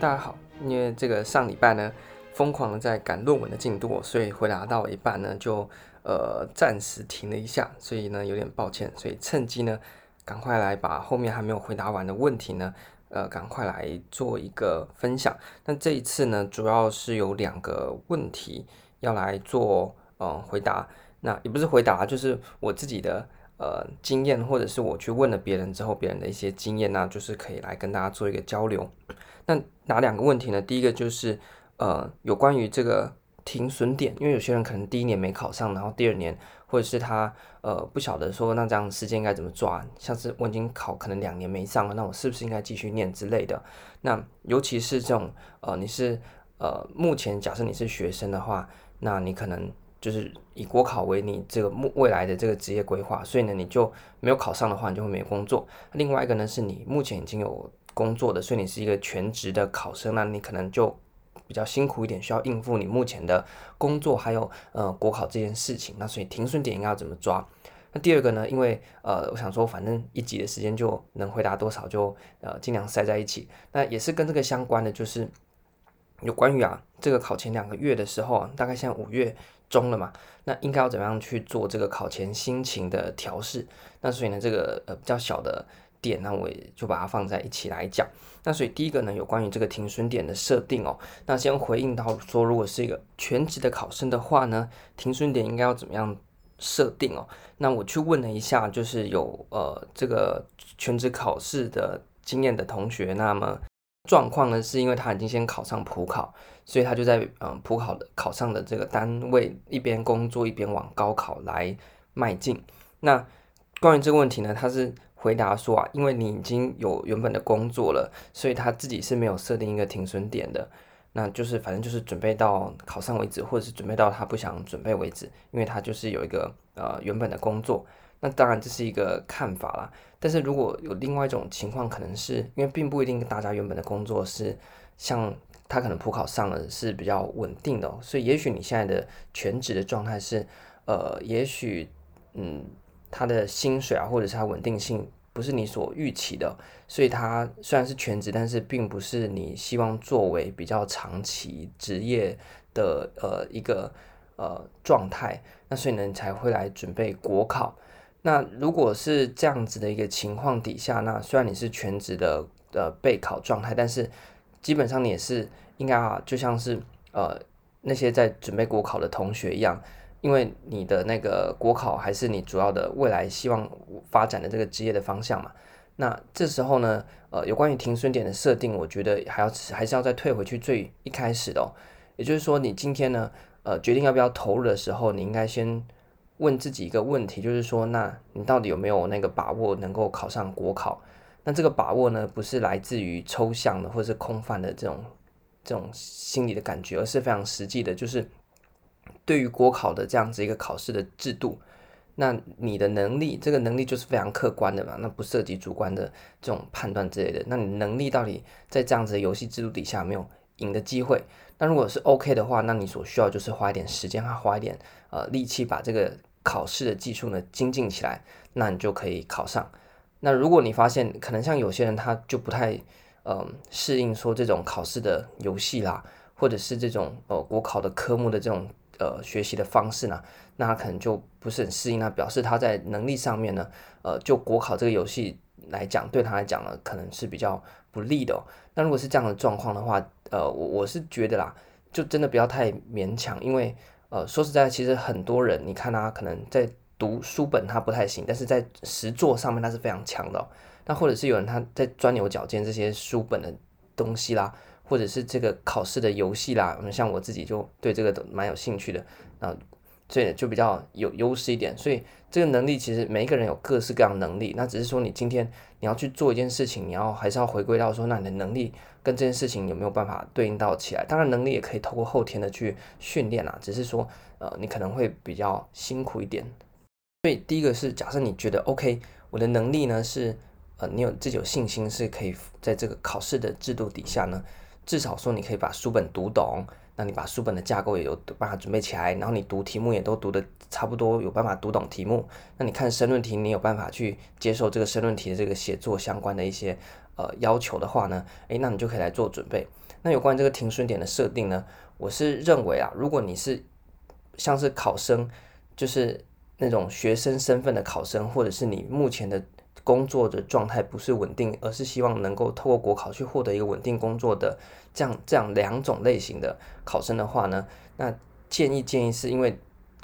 大家好，因為這個上禮拜呢，瘋狂的在趕論文的進度，所以回答到一半呢，就呃暫時停了一下，所以呢有點抱歉，所以趁機呢，趕快來把後面還沒有回答完的問題呢，呃，趕快來做一個分享。那這一次呢，主要是有兩個問題要來做嗯、呃、回答，那也不是回答，就是我自己的。呃，經驗或者是我去問了別人之後，別人的一些經驗呢、啊，就是可以來跟大家做一個交流。那哪兩個問題呢？第一個就是，呃，有關於這個停損點，因為有些人可能第一年沒考上，然後第二年或者是他呃不曉得說那這樣時間應該怎麼抓，像是我已經考可能兩年沒上了，那我是不是應該繼續念之類的？那尤其是這種呃，你是呃目前假設你是學生的話，那你可能。就是以國考為你這個目未來的這個職業規劃，所以呢，你就沒有考上的話，你就會沒有工作。另外一個呢，是你目前已經有工作的，所以你是一個全職的考生，那你可能就比較辛苦一點，需要應付你目前的工作還有呃國考這件事情。那所以停損點應該要怎麼抓？那第二個呢，因為呃，我想說，反正一集的時間就能回答多少就，就呃儘量塞在一起。那也是跟這個相關的，就是有關於啊這個考前兩個月的時候、啊，大概現在五月。中了嘛，那應該要怎麼樣去做這個考前心情的調適？那所以呢，這個呃比較小的點，那我也就把它放在一起來講。那所以第一個呢，有關於這個停損點的設定哦。那先回應到說，如果是一個全職的考生的話呢，停損點應該要怎麼樣設定哦？那我去問了一下，就是有呃這個全職考試的經驗的同學，那麼狀況呢是因為他已經先考上普考。所以他就在嗯普考的考上的這個單位一邊工作一邊往高考來邁進。那關於這個問題呢，他是回答說啊，因為你已經有原本的工作了，所以他自己是沒有設定一個停損點的。那就是反正就是準備到考上為止，或者是準備到他不想準備為止，因為他就是有一個呃原本的工作。那當然這是一個看法啦，但是如果有另外一種情況，可能是因為並不一定大家原本的工作是像。他可能普考上了是比較穩定的哦，所以也許你現在的全職的狀態是，呃，也許，嗯，他的薪水啊，或者是他穩定性不是你所預期的，所以他雖然是全職，但是並不是你希望作為比較長期職業的呃一個呃狀態，那所以呢，你才會來準備國考。那如果是這樣子的一個情況底下，那雖然你是全職的呃備考狀態，但是。基本上你也是應該啊，就像是呃那些在準備國考的同學一樣，因為你的那個國考還是你主要的未來希望發展的這個職業的方向嘛。那這時候呢，呃，有關於停損點的設定，我覺得還要還是要再退回去最一開始的哦。也就是說，你今天呢，呃，決定要不要投入的時候，你應該先問自己一個問題，就是說，那你到底有沒有那個把握能夠考上國考？那這個把握呢，不是來自於抽象的或者是空泛的這種這種心理的感覺，而是非常實際的，就是對於國考的這樣子一個考試的制度，那你的能力，這個能力就是非常客觀的嘛，那不涉及主觀的這種判斷之類的。那你能力到底在這樣子的遊戲制度底下有沒有贏的機會？那如果是 OK 的話，那你所需要就是花一點時間，花一點呃力氣，把這個考試的技術呢精進起來，那你就可以考上。那如果你發現可能像有些人他就不太，嗯、呃、適應說這種考試的遊戲啦，或者是這種呃國考的科目的這種呃學習的方式呢，那他可能就不是很適應，那表示他在能力上面呢，呃就國考這個遊戲來講，對他來講呢可能是比較不利的，哦。那如果是這樣的狀況的話，呃我我是覺得啦，就真的不要太勉強，因為呃說實在，其實很多人你看他，啊、可能在。讀書本他不太行，但是在實作上面他是非常強的哦。那或者是有人他在鑽牛角尖這些書本的東西啦，或者是這個考試的遊戲啦，們，嗯，像我自己就對這個都蠻有興趣的啊，所以就比較有優勢一點。所以這個能力其實每一個人有各式各樣的能力，那只是說你今天你要去做一件事情，你要還是要回歸到說，那你的能力跟這件事情有沒有辦法對應到起來？當然，能力也可以透過後天的去訓練啦，啊，只是說呃，你可能會比較辛苦一點。所以第一個是假設你覺得 OK，我的能力呢是呃，你有自己有信心是可以在這個考試的制度底下呢，至少說你可以把書本讀懂，那你把書本的架構也有辦法準備起來，然後你讀題目也都讀的差不多，有辦法讀懂題目，那你看申論題，你有辦法去接受這個申論題的這個寫作相關的一些呃要求的話呢，誒、欸，那你就可以來做準備。那有關這個停損點的設定呢，我是認為啊，如果你是像是考生，就是。那種學生身份的考生，或者是你目前的工作的狀態不是穩定，而是希望能夠透過國考去獲得一個穩定工作的這樣這樣兩種類型的考生的話呢，那建議建議是因為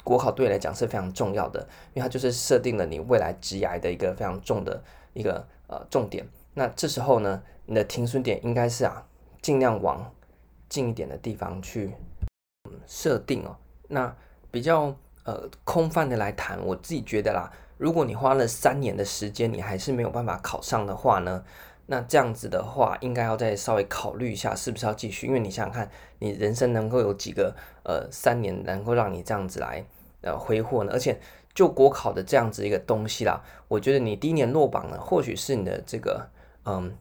國考對你來講是非常重要的，因為它就是設定了你未來職涯的一個非常重的一個呃重點。那這時候呢，你的停損點應該是啊，盡量往近一點的地方去、嗯、設定哦。那比較。呃，空泛的來談，我自己覺得啦，如果你花了三年的時間，你還是沒有辦法考上的話呢，那這樣子的話，應該要再稍微考慮一下，是不是要繼續？因為你想想看，你人生能夠有幾個呃三年能夠讓你這樣子來呃揮霍呢？而且就國考的這樣子一個東西啦，我覺得你第一年落榜了，或許是你的這個嗯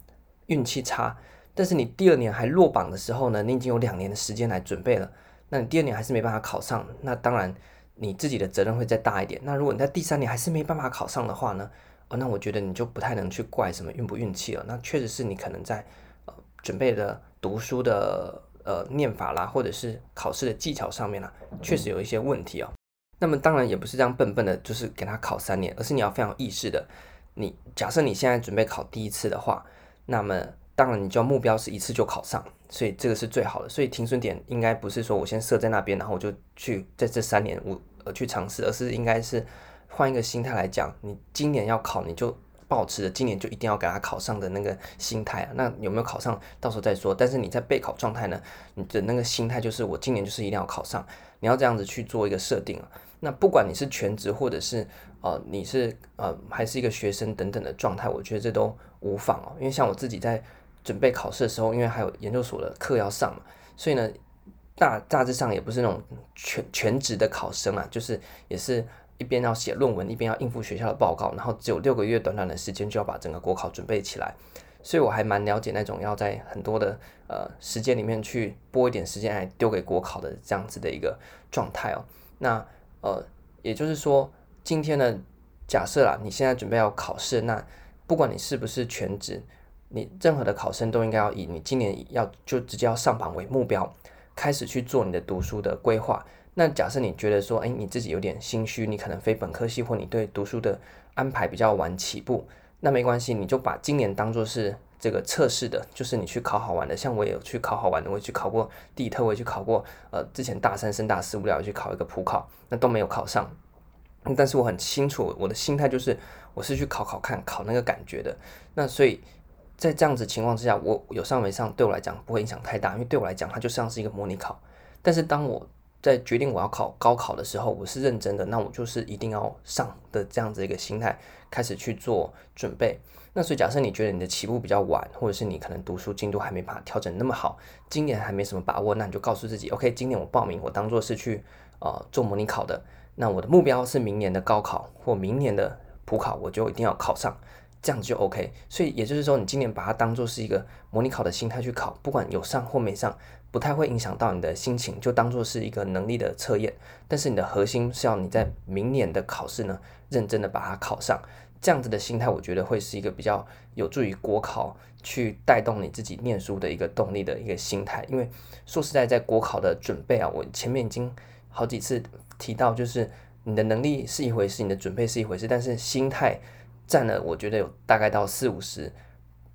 運氣差，但是你第二年還落榜的時候呢，你已經有兩年的時間來準備了，那你第二年還是沒辦法考上，那當然。你自己的責任會再大一點。那如果你在第三年還是沒辦法考上的話呢？哦，那我覺得你就不太能去怪什麼運不運氣了。那確實是你可能在呃準備的讀書的呃念法啦，或者是考試的技巧上面啦、啊，確實有一些問題哦。那麼當然也不是這樣笨笨的，就是給他考三年，而是你要非常有意識的，你假設你現在準備考第一次的話，那麼。當然，你就要目標是一次就考上，所以這個是最好的。所以停損點應該不是說我先設在那邊，然後我就去在這三年我呃去嘗試，而是應該是換一個心態來講，你今年要考，你就抱持着今年就一定要給他考上的那個心態啊。那有沒有考上，到時候再說。但是你在備考狀態呢，你的那個心態就是我今年就是一定要考上，你要這樣子去做一個設定啊。那不管你是全職或者是呃你是呃還是一個學生等等的狀態，我覺得這都無妨哦，因為像我自己在。準備考試的時候，因為還有研究所的課要上嘛，所以呢，大大致上也不是那種全全職的考生啊，就是也是一邊要寫論文，一邊要應付學校的報告，然後只有六個月短短的時間就要把整個國考準備起來，所以我還蠻了解那種要在很多的呃時間裡面去撥一點時間來丟給國考的這樣子的一個狀態哦。那呃，也就是說，今天的假設啦，啊，你現在準備要考試，那不管你是不是全職。你任何的考生都應該要以你今年要就直接要上榜為目標，開始去做你的讀書的規劃。那假設你覺得說，哎，你自己有點心虛，你可能非本科系或你對讀書的安排比較晚起步，那沒關係，你就把今年當做是這個測試的，就是你去考好玩的。像我也有去考好玩的，我也去考過地特，我也去考過，呃，之前大三升大四無聊去考一個普考，那都沒有考上。但是我很清楚，我的心態就是，我是去考考看，考那個感覺的。那所以。在這樣子情況之下，我有上沒上對我來講不會影響太大，因為對我來講它就像是一個模擬考。但是當我在決定我要考高考的時候，我是認真的，那我就是一定要上的這樣子一個心態開始去做準備。那所以假設你覺得你的起步比較晚，或者是你可能讀書進度還沒把它調整那麼好，今年還沒什麼把握，那你就告訴自己，OK，今年我報名，我當做是去呃做模擬考的。那我的目標是明年的高考或明年的普考，我就一定要考上。這樣子就 OK，所以也就是說，你今年把它當做是一個模擬考的心態去考，不管有上或沒上，不太會影響到你的心情，就當做是一個能力的測驗。但是你的核心是要你在明年的考試呢，認真的把它考上。這樣子的心態，我覺得會是一個比較有助於國考去帶動你自己念書的一個動力的一個心態。因為說實在，在國考的準備啊，我前面已經好幾次提到，就是你的能力是一回事，你的準備是一回事，但是心態。佔了我覺得有大概到四五十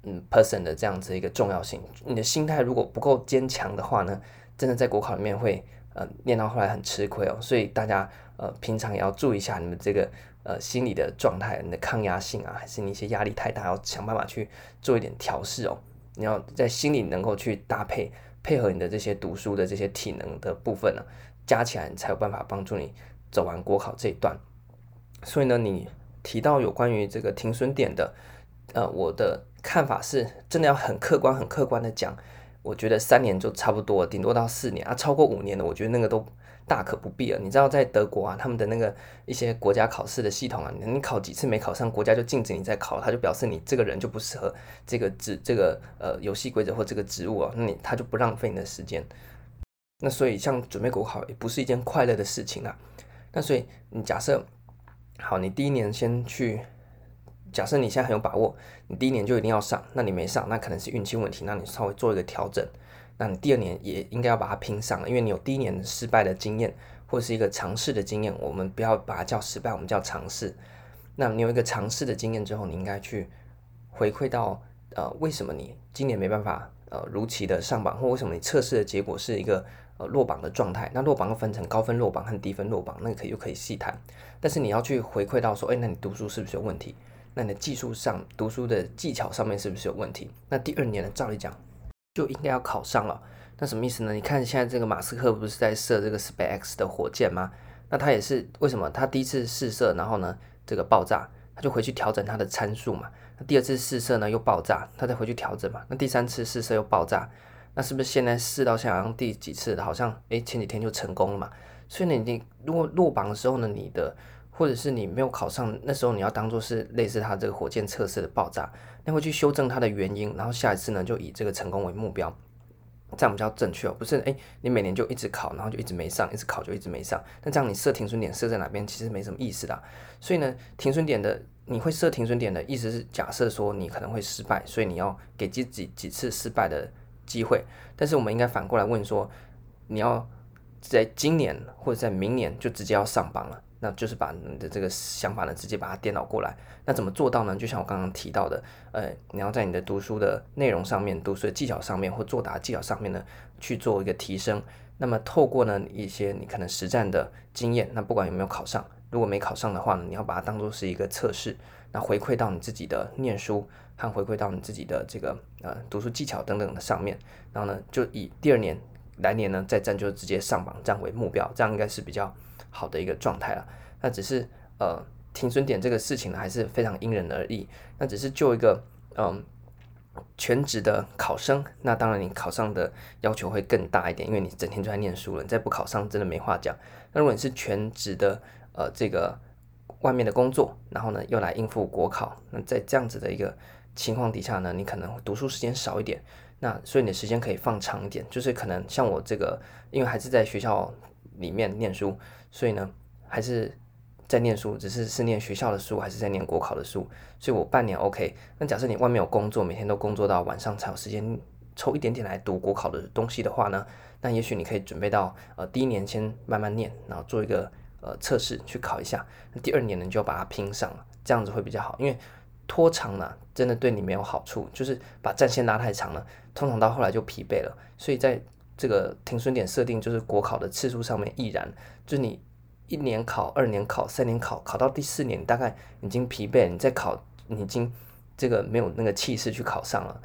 嗯 percent 的這樣子一個重要性。你的心態如果不夠堅強的話呢，真的在國考裡面會呃念到後來很吃虧哦。所以大家呃平常也要注意一下你們這個呃心理的狀態，你的抗壓性啊，還是你一些壓力太大，要想辦法去做一點調適哦。你要在心裡能夠去搭配配合你的這些讀書的這些體能的部分呢，啊，加起來你才有辦法幫助你走完國考這一段。所以呢，你。提到有關於這個停損點的，呃，我的看法是，真的要很客觀、很客觀的講，我覺得三年就差不多，頂多到四年啊，超過五年的，我覺得那個都大可不必了。你知道，在德國啊，他們的那個一些國家考試的系統啊，你考幾次沒考上，國家就禁止你再考，他就表示你這個人就不適合這個職這個呃遊戲規則或這個職務啊，那你他就不浪費你的時間。那所以，像準備國考也不是一件快樂的事情啊。那所以，你假設。好，你第一年先去，假設你現在很有把握，你第一年就一定要上。那你沒上，那可能是運氣問題。那你稍微做一個調整，那你第二年也應該要把它拼上了，因為你有第一年失敗的經驗，或是一個嘗試的經驗。我們不要把它叫失敗，我們叫嘗試。那你有一個嘗試的經驗之後，你應該去回饋到，呃，為什麼你今年沒辦法呃如期的上榜，或為什麼你測試的結果是一個呃落榜的狀態？那落榜分成高分落榜和低分落榜，那你可以又可以細談。但是你要去回饋到說，誒，那你讀書是不是有問題？那你的技術上讀書的技巧上面是不是有問題？那第二年呢？照理講就應該要考上了。那什麼意思呢？你看現在這個馬斯克不是在射這個 SpaceX 的火箭嗎？那他也是為什麼？他第一次試射，然後呢，這個爆炸，他就回去調整他的參數嘛。那第二次試射呢，又爆炸，他再回去調整嘛。那第三次試射又爆炸，那是不是現在試到現在好像第幾次？好像誒，前幾天就成功了嘛。所以呢，你如果落榜的時候呢，你的或者是你沒有考上，那時候你要當做是類似它這個火箭測試的爆炸，那會去修正它的原因，然後下一次呢就以這個成功為目標，這樣比較正確哦。不是哎、欸，你每年就一直考，然後就一直沒上，一直考就一直沒上。那這樣你設停損點設在哪邊其實沒什麼意思的、啊。所以呢，停損點的你會設停損點的意思是假設說你可能會失敗，所以你要給自己幾次失敗的機會。但是我們應該反過來問說，你要。在今年或者在明年就直接要上榜了，那就是把你的這個想法呢，直接把它顛倒過來。那怎麼做到呢？就像我剛剛提到的，呃，你要在你的讀書的內容上面、讀書的技巧上面或作答技巧上面呢，去做一個提升。那麼透過呢一些你可能實戰的經驗，那不管有沒有考上，如果沒考上的話呢，你要把它當做是一個測試，那回饋到你自己的念書和回饋到你自己的這個呃讀書技巧等等的上面，然後呢就以第二年。來年呢，再戰，就直接上榜這樣為目標，這樣應該是比較好的一個狀態了。那只是呃，停損點這個事情呢，還是非常因人而異。那只是就一個嗯、呃，全職的考生，那當然你考上的要求會更大一點，因為你整天就在念書了，你再不考上真的沒話講。那如果你是全職的呃，這個外面的工作，然後呢又來應付國考，那在這樣子的一個情況底下呢，你可能讀書時間少一點。那所以你的時間可以放長一點，就是可能像我這個，因為還是在學校裡面念書，所以呢還是在念書，只是是念學校的書還是在念國考的書，所以我半年 OK。那假設你外面有工作，每天都工作到晚上才有時間抽一點點來讀國考的東西的話呢，那也許你可以準備到呃第一年先慢慢念，然後做一個呃測試去考一下，那第二年呢你就要把它拼上了，這樣子會比較好，因為，拖長了、啊，真的對你沒有好處，就是把戰線拉太長了，通常到後來就疲憊了。所以在這個停損點設定，就是國考的次數上面，亦然就是你一年考、二年考、三年考，考到第四年大概已經疲憊了，你再考，你已經這個沒有那個氣勢去考上了。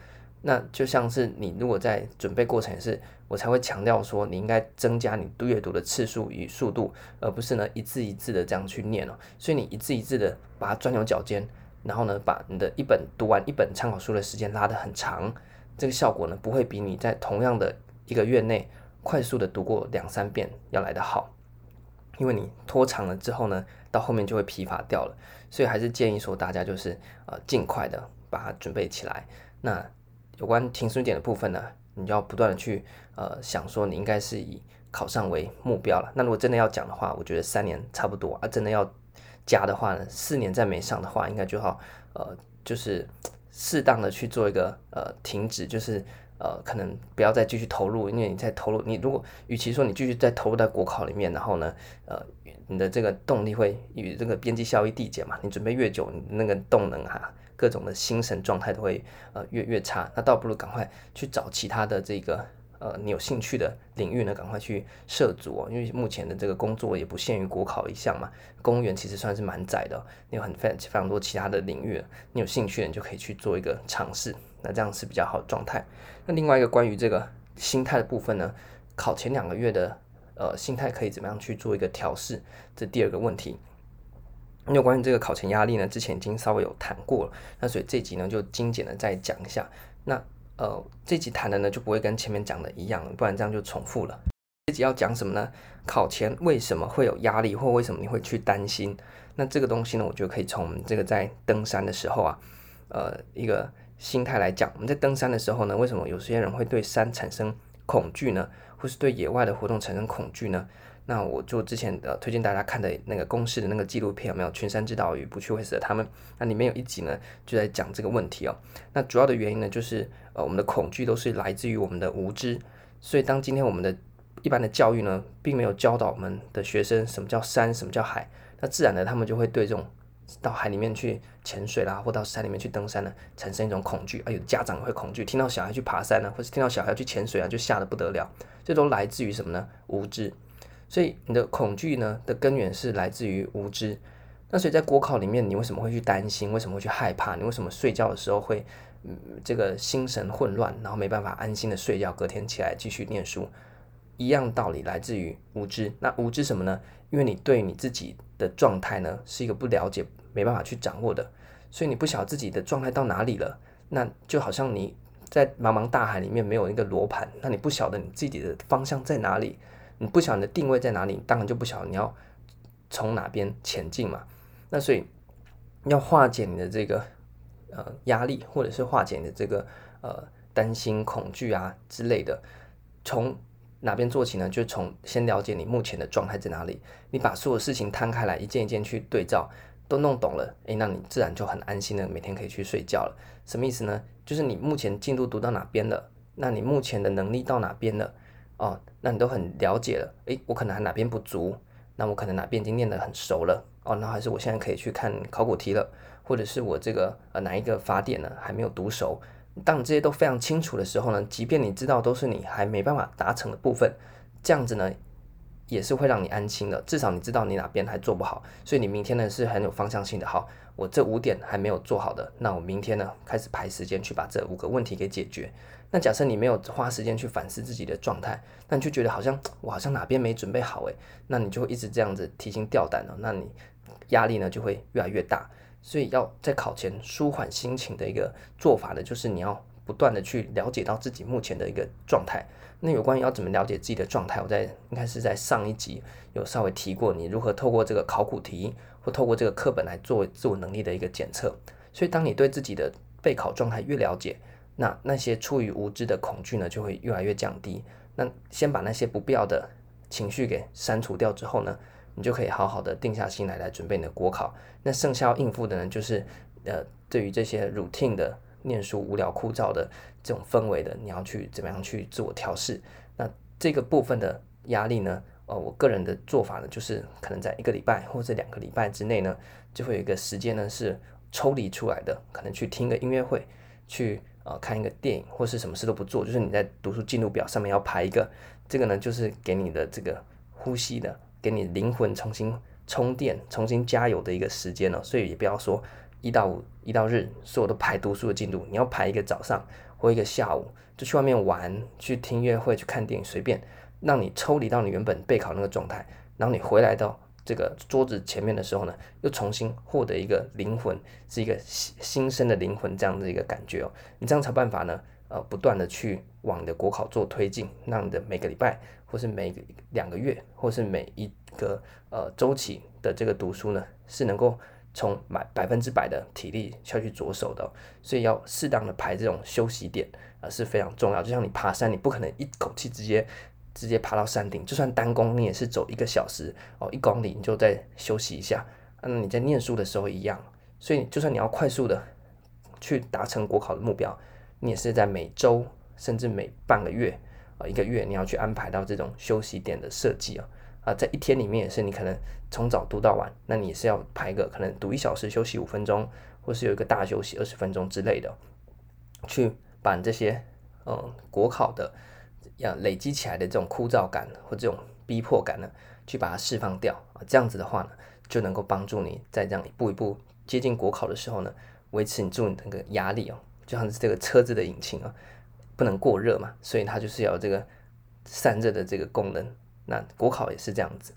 那就像是你如果在準備過程也是，我才會強調說你應該增加你讀閱讀，讀的次數與速度，而不是呢一字一字的這樣去念了、哦。所以你一字一字的把它鑽牛角尖。然後呢，把你的一本讀完一本參考書的時間拉得很長，這個效果呢，不會比你在同樣的一個月內快速的讀過兩三遍要來得好，因為你拖長了之後呢，到後面就會疲乏掉了。所以還是建議說大家就是呃盡快的把它準備起來。那有關停損點的部分呢，你就要不斷的去呃想說你應該是以考上為目標了。那如果真的要講的話，我覺得三年差不多啊，真的要。加的話呢，四年再沒上的話，應該就好，呃，就是適當的去做一個呃停止，就是呃可能不要再繼續投入，因為你在投入，你如果與其說你繼續再投入在國考裡面，然後呢，呃，你的這個動力會與這個邊際效益遞減嘛，你準備越久，你那個動能哈、啊，各種的心神狀態都會呃越越差，那倒不如趕快去找其他的這個。呃，你有興趣的領域呢，趕快去涉足哦，因為目前的這個工作也不限於國考一項嘛，公務員其實算是蠻窄的哦，你有很非非常多其他的領域，你有興趣的，你就可以去做一個嘗試，那這樣是比較好的狀態。那另外一個關於這個心態的部分呢，考前兩個月的呃心態可以怎麼樣去做一個調適，這第二個問題。那關於這個考前壓力呢，之前已經稍微有談過了，那所以這一集呢就精簡的再講一下，那。呃，這集談的呢就不會跟前面講的一樣了，不然這樣就重複了。這集要講什麼呢？考前為什麼會有壓力，或為什麼你會去擔心？那這個東西呢，我覺得可以從這個在登山的時候啊，呃，一個心態來講。我們在登山的時候呢，為什麼有些人會對山產生恐懼呢？或是對野外的活動產生恐懼呢？那我就之前的、呃、推薦，大家看的那個公式的那個紀錄片有沒有《群山之島與不去會死的他們》？那裡面有一集呢，就在講這個問題哦。那主要的原因呢，就是呃，我們的恐懼都是來自於我們的無知。所以，當今天我們的一般的教育呢，並沒有教導我們的學生什麼叫山，什麼叫海，那自然的他們就會對這種到海裡面去潛水啦，或到山裡面去登山呢，產生一種恐懼。啊、哎，有家長會恐懼，聽到小孩去爬山呢、啊，或是聽到小孩去潛水啊，就嚇得不得了。這都來自於什麼呢？無知。所以你的恐懼呢的根源是來自於無知，那所以在國考裡面，你為什麼會去擔心？為什麼會去害怕？你為什麼睡覺的時候會，嗯，這個心神混亂，然後沒辦法安心的睡覺？隔天起來繼續念書，一樣道理來自於無知。那無知什麼呢？因為你對你自己的狀態呢是一個不了解，沒辦法去掌握的，所以你不曉得自己的狀態到哪裡了。那就好像你在茫茫大海裡面沒有一個羅盤，那你不曉得你自己的方向在哪裡。你不曉得你的定位在哪裡，你當然就不曉得你要從哪邊前進嘛。那所以要化解你的這個呃壓力，或者是化解你的這個呃擔心恐、啊、恐懼啊之類的，從哪邊做起呢？就從先了解你目前的狀態在哪裡。你把所有事情攤開來，一件一件去對照，都弄懂了，誒、欸，那你自然就很安心的每天可以去睡覺了。什麼意思呢？就是你目前進度讀到哪邊了？那你目前的能力到哪邊了？哦，那你都很了解了，哎，我可能還哪邊不足，那我可能哪邊已經練得很熟了，哦，那還是我現在可以去看考古題了，或者是我這個呃哪一個法典呢還沒有讀熟，當你這些都非常清楚的時候呢，即便你知道都是你還沒辦法達成的部分，這樣子呢也是會讓你安心的，至少你知道你哪邊還做不好，所以你明天呢是很有方向性的，好，我這五點還沒有做好的，那我明天呢開始排時間去把這五個問題給解決。那假設你沒有花時間去反思自己的狀態，那你就覺得好像我好像哪邊沒準備好誒，那你就會一直這樣子提心吊膽哦，那你壓力呢就會越來越大。所以要在考前舒緩心情的一個做法呢，就是你要不斷的去了解到自己目前的一個狀態。那有關於要怎麼了解自己的狀態，我在應該是在上一集有稍微提過，你如何透過這個考古題或透過這個課本來做自我能力的一個檢測。所以當你對自己的備考狀態越了解，那那些出於無知的恐懼呢，就會越來越降低。那先把那些不必要的情緒給刪除掉之後呢，你就可以好好的定下心來來準備你的國考。那剩下要應付的呢，就是呃，對於這些 routine 的念書無聊枯燥的這種氛圍的，你要去怎麼樣去自我調適。那這個部分的壓力呢，呃，我個人的做法呢，就是可能在一個禮拜或者兩個禮拜之內呢，就會有一個時間呢是抽離出來的，可能去聽個音樂會，去。啊、呃，看一個電影，或是什麼事都不做，就是你在讀書進度表上面要排一個。這個呢，就是給你的這個呼吸的，給你靈魂重新充電、重新加油的一個時間了、哦。所以也不要說一到五，一到日所有都排讀書的進度，你要排一個早上或一個下午，就去外面玩，去聽音樂會，去看電影，隨便讓你抽離到你原本備考那個狀態，然後你回來的。這個桌子前面的時候呢，又重新獲得一個靈魂，是一個新新生的靈魂，這樣的一個感覺哦。你這樣才辦法呢，呃，不斷的去往你的國考做推進，讓你的每個禮拜，或是每兩個月，或是每一個呃周期的這個讀書呢，是能夠充滿百分之百的體力下去着手的哦。所以要適當的排這種休息點啊，呃，是非常重要。就像你爬山，你不可能一口氣直接。直接爬到山頂，就算單攻，你也是走一個小時哦，一公里你就再休息一下，啊。那你在念書的時候一樣，所以就算你要快速的去達成國考的目標，你也是在每周甚至每半個月啊，哦、一個月，你要去安排到這種休息點的設計啊啊，在一天裡面也是，你可能從早讀到晚，那你也是要排個可能讀一小時休息五分鐘，或是有一個大休息二十分鐘之類的，去把這些嗯國考的。要累積起來的這種枯燥感或這種逼迫感呢，去把它釋放掉啊，這樣子的話呢，就能夠幫助你在這樣一步一步接近國考的時候呢，維持你住你的那個壓力哦，就像是這個車子的引擎啊、哦，不能過熱嘛，所以它就是要有這個散熱的這個功能。那國考也是這樣子，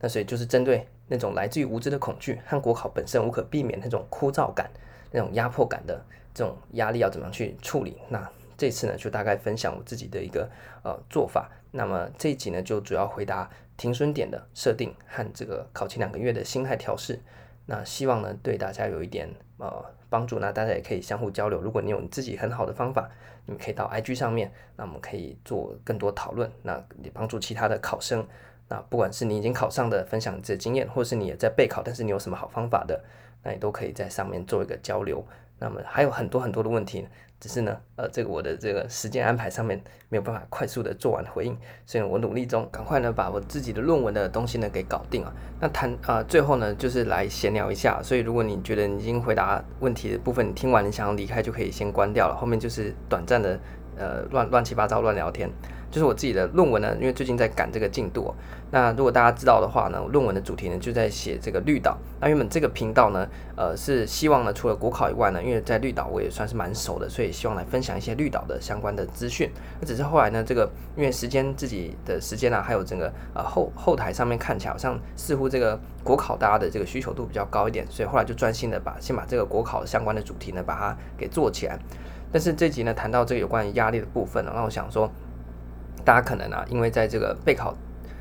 那所以就是針對那種來自於無知的恐懼和國考本身無可避免那種枯燥感、那種壓迫感的這種壓力，要怎麼樣去處理？那。這次呢，就大概分享我自己的一個呃做法。那麼這一集呢，就主要回答停損點的設定和這個考前兩個月的心態調試。那希望呢，對大家有一點呃幫助。那大家也可以相互交流。如果你有你自己很好的方法，你可以到 IG 上面，那我們可以做更多討論。那也幫助其他的考生，那不管是你已經考上的分享這經驗，或是你也在備考，但是你有什麼好方法的，那也都可以在上面做一個交流。那麼還有很多很多的問題。只是呢，呃，這個我的這個時間安排上面沒有辦法快速的做完回應，所以呢，我努力中，趕快呢把我自己的論文的東西呢給搞定了，啊。那談啊、呃，最後呢就是來閒聊一下。所以如果你覺得你已經回答問題的部分你聽完，你想要離開就可以先關掉了。後面就是短暫的呃亂亂七八糟亂聊天。就是我自己的論文呢，因為最近在趕這個進度喔。那如果大家知道的話呢，論文的主題呢就在寫這個綠島。那原本這個頻道呢，呃，是希望呢除了國考以外呢，因為在綠島我也算是蠻熟的，所以希望來分享一些綠島的相關的資訊。那只是後來呢，這個因為時間自己的時間啊，還有整個呃後後台上面看起來好像似乎這個國考大家的這個需求度比較高一點，所以後來就專心的把先把這個國考相關的主題呢把它給做起來。但是這集呢談到這個有關於壓力的部分喔，那我想說。大家可能啊，因為在這個備考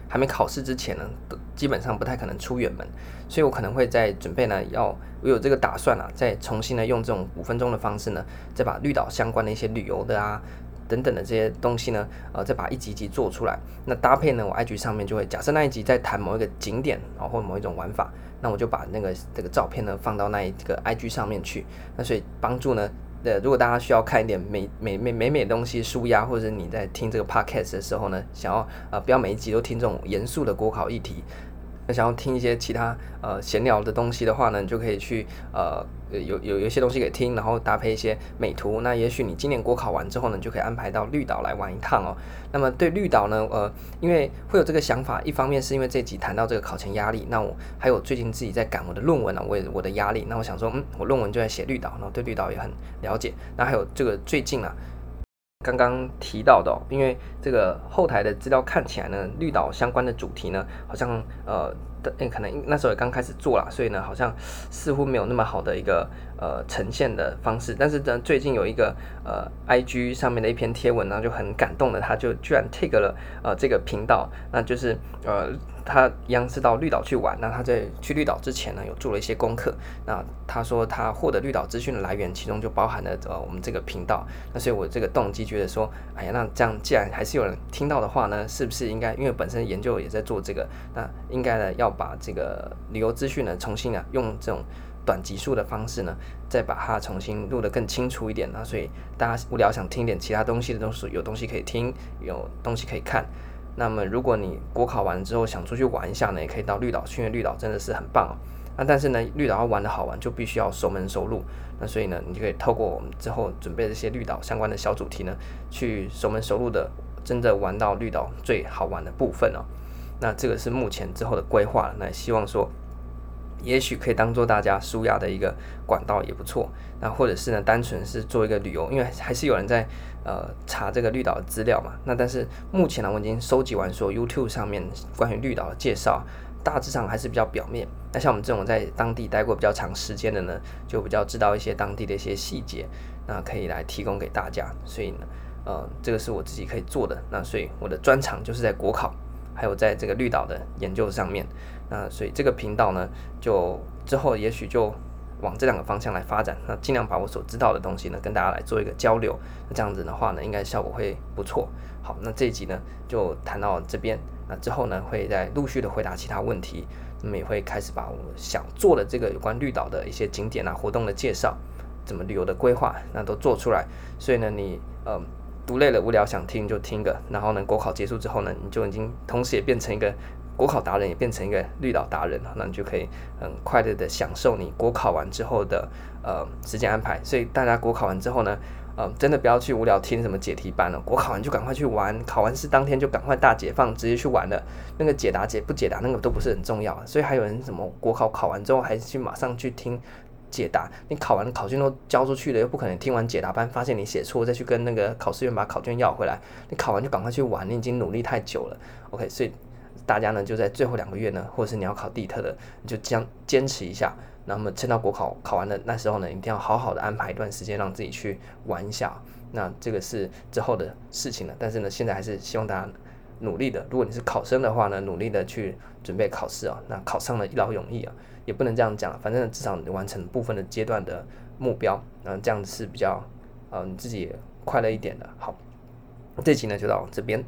還沒考試之前呢，都基本上不太可能出遠門，所以我可能會在準備呢，要我有這個打算啊，再重新呢用這種五分鐘的方式呢，再把綠島相關的一些旅遊的啊等等的這些東西呢，呃，再把一集一集做出來。那搭配呢，我 IG 上面就會假設那一集在談某一個景點，啊、哦，或某一種玩法，那我就把那個這個照片呢放到那一個 IG 上面去，那所以幫助呢。對，如果大家需要看一點美美，美美美美東西舒壓，或者你在聽這個 podcast 的時候呢，想要呃不要每一集都聽這種嚴肅的國考議題，那想要聽一些其他呃閒聊的東西的話呢，你就可以去呃。有有有一些東西給聽，然後搭配一些美圖。那也許你今年國考完之後呢，就可以安排到綠島來玩一趟哦。那麼對綠島呢，呃，因為會有這個想法，一方面是因為這集談到這個考前壓力，那我還有最近自己在趕我的論文呢，啊，我也我的壓力，那我想說，嗯，我論文就在寫綠島，然後對綠島也很了解。那還有這個最近啊，剛剛提到的哦，因為這個後台的資料看起來呢，綠島相關的主題呢，好像呃。那、欸、可能那時候也剛開始做啦，所以呢，好像似乎沒有那麼好的一個呃呈現的方式。但是呢，最近有一個呃，IG 上面的一篇貼文呢，就很感動的，他就居然 tag 了呃這個頻道，那就是呃。他一樣是到綠島去玩，那他在去綠島之前呢，有做了一些功課。那他說他獲得綠島資訊的來源，其中就包含了呃我們這個頻道。那所以我這個動機覺得說，哎呀，那這樣既然還是有人聽到的話呢，是不是應該因為本身研究也在做這個，那應該呢要把這個旅遊資訊呢重新啊用這種短集數的方式呢，再把它重新錄得更清楚一點，那所以大家無聊想聽點其他東西的東西，有東西可以聽，有東西可以看。那麼，如果你國考完之後想出去玩一下呢，也可以到綠島去，因為綠島真的是很棒哦。那但是呢，綠島要玩得好玩，就必須要熟門熟路。那所以呢，你就可以透過我們之後準備這些綠島相關的小主題呢，去熟門熟路的，真的玩到綠島最好玩的部分哦。那這個是目前之後的規劃，那希望說。也許可以當做大家紓壓的一個管道也不錯，那或者是呢單純是做一個旅遊，因為還是有人在呃查這個綠島的資料嘛。那但是目前呢，我已經收集完說 YouTube 上面關於綠島的介紹，大致上還是比較表面。那像我們這種在當地待過比較長時間的呢，就比較知道一些當地的一些細節，那可以來提供給大家。所以呢，呃，這個是我自己可以做的。那所以我的專長就是在國考。還有在這個綠島的研究上面，那所以這個頻道呢，就之後也許就往這兩個方向來發展，那儘量把我所知道的東西呢，跟大家來做一個交流，那這樣子的話呢，應該效果會不錯。好，那這一集呢就談到這邊，那之後呢會再陸續的回答其他問題，那麼也會開始把我想做的這個有關綠島的一些景點啊、活動的介紹，怎麼旅遊的規劃，那都做出來。所以呢，你嗯。讀累了無聊想聽就聽個，然後呢，國考結束之後呢，你就已經同時也變成一個國考達人，也變成一個綠島達人了，那你就可以很快樂的享受你國考完之後的呃時間安排。所以大家國考完之後呢，呃，真的不要去無聊聽什麼解題班了，國考完就趕快去玩，考完試當天就趕快大解放，直接去玩了。那個解答解不解答那個都不是很重要。所以還有人什麼國考考完之後還是去馬上去聽。解答，你考完考卷都交出去了，又不可能聽完解答班發現你寫錯，再去跟那個考試院把考卷要回來。你考完就趕快去玩，你已經努力太久了。OK，所以大家呢，就在最後兩個月呢，或者是你要考地特的，你就堅堅持一下，那麼撐到國考考完的那時候呢，一定要好好的安排一段時間讓自己去玩一下。那這個是之後的事情了，但是呢，現在還是希望大家努力的。如果你是考生的話呢，努力的去準備考試啊，那考上了一勞永逸啊。也不能這樣講，反正至少你完成部分的階段的目標，嗯，這樣子是比較，呃，你自己快樂一點的。好，這一期呢就到這邊。